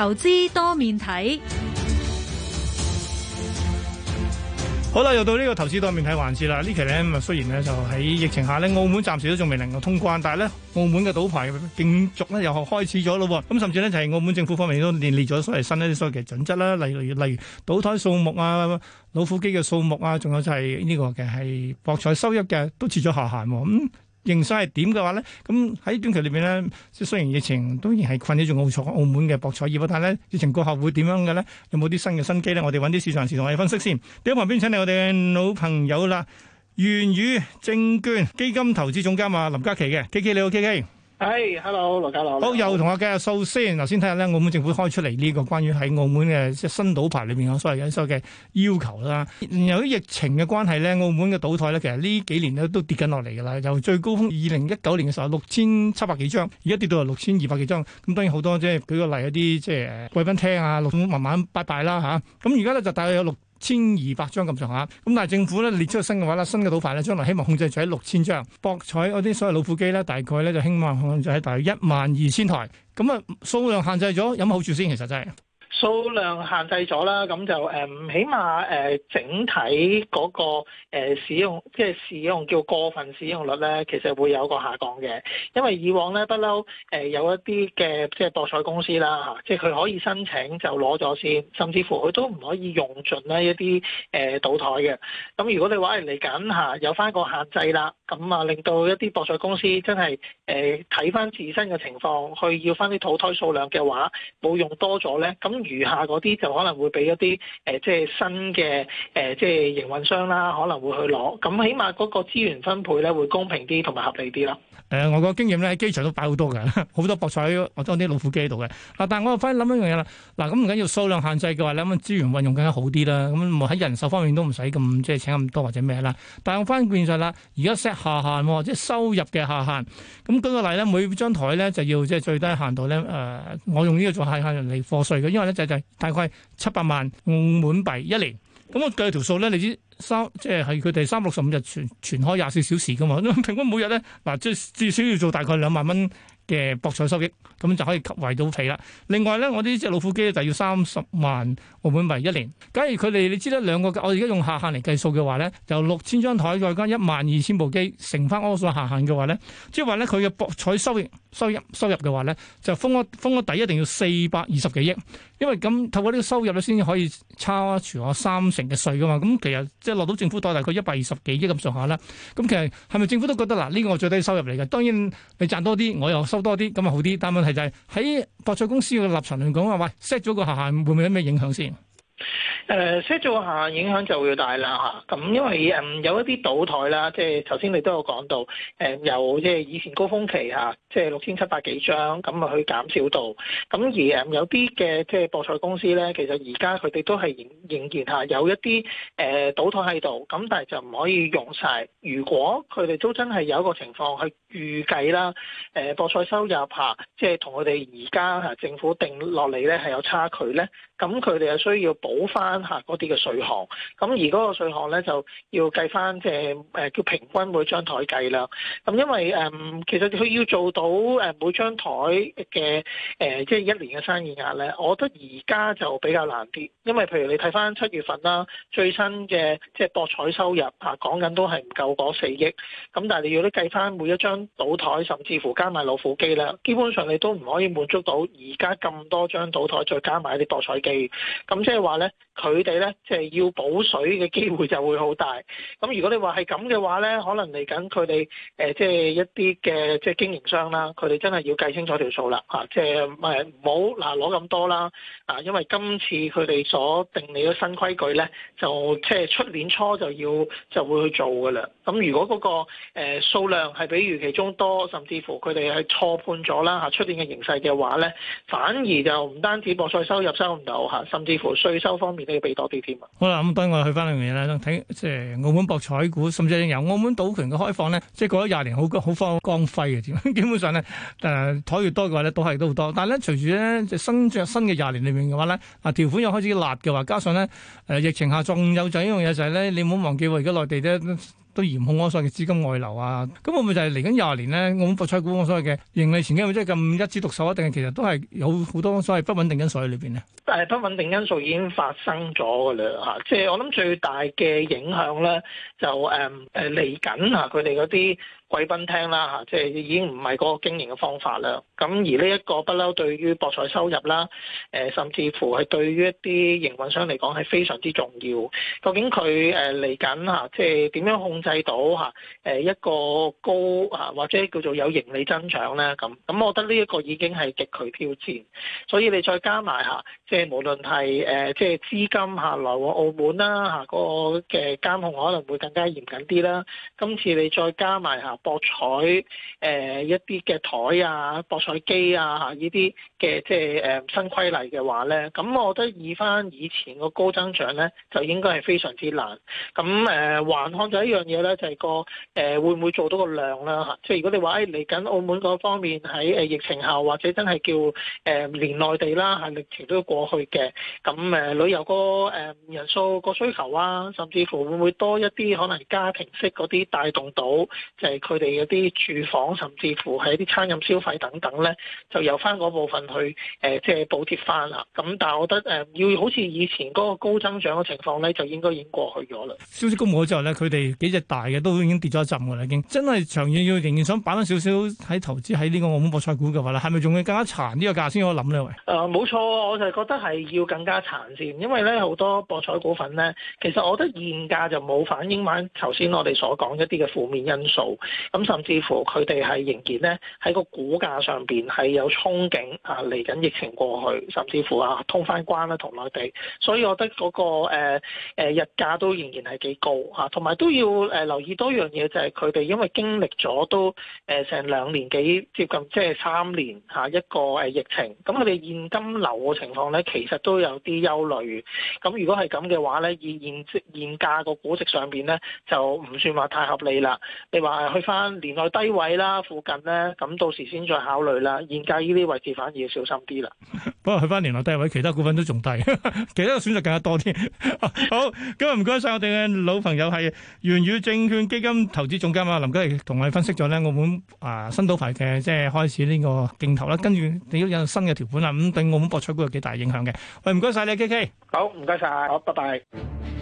投資多面睇，好啦，又到呢個投資多面睇環節啦。期呢期咧，咁啊，雖然咧就喺疫情下咧，澳門暫時都仲未能夠通關，但係咧，澳門嘅賭牌競逐咧又開始咗咯。咁、嗯、甚至呢，就係澳門政府方面都列咗所謂新一啲所謂嘅準則啦，例如例如賭台數目啊、老虎機嘅數目啊，仲有就係呢個嘅係博彩收入嘅都設咗下限。嗯營收係點嘅話咧，咁喺短期裏邊咧，即雖然疫情當然係困擾住澳澳門嘅博彩業，但係咧疫情過後會點樣嘅咧？有冇啲新嘅新機咧？我哋揾啲市場人士同我哋分析先。喺旁邊請嚟我哋嘅老朋友啦，元宇證券基金投資總監啊，林嘉麒嘅，K K 你好，K K。係，hello 林嘉麒，好，又同我計下數先。頭先睇下咧，澳門政府開出嚟呢個關於喺澳門嘅即係新賭牌裏面嘅所謂緊數嘅要求啦。由於疫情嘅關係咧，澳門嘅賭台咧，其實呢幾年咧都跌緊落嚟噶啦。由最高峰二零一九年嘅時候六千七百幾張，而家跌到六千二百幾張。咁當然好多即係舉個例，一啲即係誒貴賓廳啊六，慢慢拜拜啦吓。咁而家咧就大約有六。千二百張咁上下，咁但係政府咧列出新嘅話咧，新嘅賭牌咧，將來希望控制住喺六千張，博彩嗰啲所謂老虎機咧，大概咧就希望控制喺大約一萬二千台，咁啊數量限制咗，有乜好處先？其實真係。數量限制咗啦，咁就誒、嗯，起碼誒、呃、整體嗰、那個、呃、使用，即係使用叫過分使用率咧，其實會有個下降嘅。因為以往咧不嬲，誒有一啲嘅即係博彩公司啦嚇、啊，即係佢可以申請就攞咗先，甚至乎佢都唔可以用盡咧一啲誒、呃、賭枱嘅。咁如果你話嚟緊嚇有翻個限制啦，咁啊令到一啲博彩公司真係誒睇翻自身嘅情況去要翻啲賭枱數量嘅話，冇用多咗咧，咁。餘下嗰啲就可能會俾一啲誒，即係新嘅誒，即係營運商啦，可能會去攞。咁起碼嗰個資源分配咧會公平啲同埋合理啲咯。誒，我個經驗咧喺機場都擺好多㗎，好多博彩，我裝啲老虎機喺度嘅。嗱、啊，但係我又翻諗一樣嘢啦。嗱、啊，咁唔緊要數量限制嘅話，你諗資源運用更加好啲啦。咁喺人手方面都唔使咁即係請咁多或者咩啦。但係我翻變相啦，而家 set 下限即係收入嘅下限。咁舉、那個例咧，每張台咧就要即係最低限度咧誒、呃，我用呢個做下限嚟課稅嘅，因為。就係大概七百萬澳門幣一年，咁我計條數咧，你知三即係係佢哋三六十五日全全開廿四小時噶嘛，平均每日咧嗱，即係至少要做大概兩萬蚊。嘅博彩收益，咁就可以及為到皮啦。另外咧，我呢隻老虎機咧，就要三十萬澳門幣一年。假如佢哋你知得兩個，我而家用下限嚟計數嘅話咧，就六千張台再加一萬二千部機，乘翻嗰個下限嘅話咧，即係話咧佢嘅博彩收益收入收入嘅話咧，就封一封一底一定要四百二十幾億，因為咁透過呢個收入咧先可以差除我三成嘅稅噶嘛。咁其實即係落到政府袋，大概一百二十幾億咁上下啦。咁其實係咪政府都覺得嗱呢、呢個最低收入嚟嘅？當然你賺多啲，我又收。多啲咁啊好啲，但係問題就係喺博彩公司嘅立場嚟講啊，喂 set 咗個下限會唔會有咩影響先？誒 set 做下影響就會大啦嚇，咁、啊、因為誒、呃、有一啲賭枱啦，即係頭先你都有講到，誒、呃、由即係以前高峰期嚇、啊，即係六千七百幾張咁啊，去減少到，咁而、呃、有啲嘅即係博彩公司咧，其實而家佢哋都係仍仍然嚇有一啲誒、呃、賭枱喺度，咁但係就唔可以用晒。如果佢哋都真係有一個情況去預計啦，誒博彩收入嚇，即係同佢哋而家嚇政府定落嚟咧係有差距咧，咁佢哋係需要補翻吓嗰啲嘅稅項，咁而嗰個稅項咧就要計翻即係誒叫平均每張台計啦。咁因為誒、嗯、其實佢要做到誒每張台嘅誒即係一年嘅生意額咧，我覺得而家就比較難啲，因為譬如你睇翻七月份啦，最新嘅即係博彩收入啊，講緊都係唔夠嗰四億。咁但係你要都計翻每一張賭台，甚至乎加埋老虎機咧，基本上你都唔可以滿足到而家咁多張賭台，再加埋一啲博彩機，咁即係話。佢哋咧即係要補水嘅機會就會好大。咁如果你話係咁嘅話咧，可能嚟緊佢哋誒即係一啲嘅即係經營商啦，佢哋真係要計清楚條數啦嚇，即係唔好嗱攞咁多啦啊！因為今次佢哋所定理嘅新規矩咧，就即係出年初就要就會去做噶啦。咁如果嗰、那個誒、呃、數量係比預期中多，甚至乎佢哋係錯判咗啦嚇出、啊、年嘅形勢嘅話咧，反而就唔單止博彩收入收唔到嚇、啊，甚至乎稅收。多方面都要俾多啲添啊！好啦，咁當然我哋去翻兩樣嘢啦，睇即係澳門博彩股，甚至於有澳門賭權嘅開放咧，即係過咗廿年，好好光光輝嘅，基本上咧，誒台越多嘅話咧，賭客亦都好多。但係咧，隨住咧就新著新嘅廿年裏面嘅話咧，啊條款又開始辣嘅話，加上咧誒、呃、疫情下仲有仔一樣嘢就係，是，咧，你唔好忘記喎，而家內地都。都嚴控我所謂嘅資金外流啊！咁會唔會就係嚟緊廿年咧？我博彩股我所謂嘅盈利前景會真係咁一枝獨秀，定係其實都係有好多所謂不穩定因素喺裏邊咧？誒，不穩定因素已經發生咗噶啦吓，即係我諗最大嘅影響咧，就誒誒嚟緊吓佢哋嗰啲。嗯呃貴賓廳啦嚇，即係已經唔係嗰個經營嘅方法啦。咁而呢一個不嬲，對於博彩收入啦，誒甚至乎係對於一啲營運商嚟講係非常之重要。究竟佢誒嚟緊嚇，即係點樣控制到嚇誒一個高啊，或者叫做有盈利增長咧？咁咁，我覺得呢一個已經係極具挑戰。所以你再加埋嚇，即係無論係誒即係資金客來往澳門啦嚇，嗰個嘅監控可能會更加嚴謹啲啦。今次你再加埋嚇。博彩誒、呃、一啲嘅台啊、博彩機啊嚇依啲嘅即係誒、呃、新規例嘅話咧，咁我覺得以翻以前個高增長咧，就應該係非常之難。咁誒，還看咗一樣嘢咧，就係、是、個誒、呃、會唔會做到個量啦吓，即係如果你話誒嚟緊澳門嗰方面喺誒疫情後或者真係叫誒連、呃、內地啦嚇疫情都要過去嘅，咁誒、呃、旅遊個誒、呃、人數個需求啊，甚至乎會唔會多一啲可能家庭式嗰啲帶動到就係、是。佢哋嗰啲住房，甚至乎係一啲餐飲消費等等咧，就由翻嗰部分去誒，即、呃、係、就是、補貼翻啦。咁但係我覺得誒、呃，要好似以前嗰個高增長嘅情況咧，就應該已經過去咗啦。消息公布咗之後咧，佢哋幾隻大嘅都已經跌咗一陣㗎啦，已經真係長遠要仍然想擺翻少少喺投資喺呢個澳門博彩股嘅話咧，係咪仲要更加殘呢個價先可以諗咧？誒、呃，冇錯，我就係覺得係要更加殘先，因為咧好多博彩股份咧，其實我覺得現價就冇反映翻頭先我哋所講一啲嘅負面因素。咁甚至乎佢哋係仍然咧喺個股價上邊係有憧憬啊，嚟緊疫情過去，甚至乎啊通翻關啦同內地，所以我覺得嗰、那個誒、啊啊、日價都仍然係幾高啊，同埋都要誒留意多一樣嘢，就係佢哋因為經歷咗都誒成、啊、兩年幾接近即係三年嚇、啊、一個誒疫情，咁佢哋現金流嘅情況咧其實都有啲憂慮。咁、啊、如果係咁嘅話咧，現現值現價個估值上邊咧就唔算話太合理啦。你話去、啊。翻年內低位啦，附近咧，咁到時先再考慮啦。現價呢啲位置反而要小心啲啦。不過去翻年內低位，其他股份都仲低， 其他嘅選擇更加多啲。 好，咁啊唔該晒我哋嘅老朋友係元宇證券基金投資總監啊林嘉麒，同我哋分析咗咧澳門啊新賭牌嘅即係開始呢個競投啦。跟住你都有新嘅條款啊？咁、嗯、對澳門博彩股有幾大影響嘅？喂，唔該晒你，K K。好，唔該晒。好，拜拜。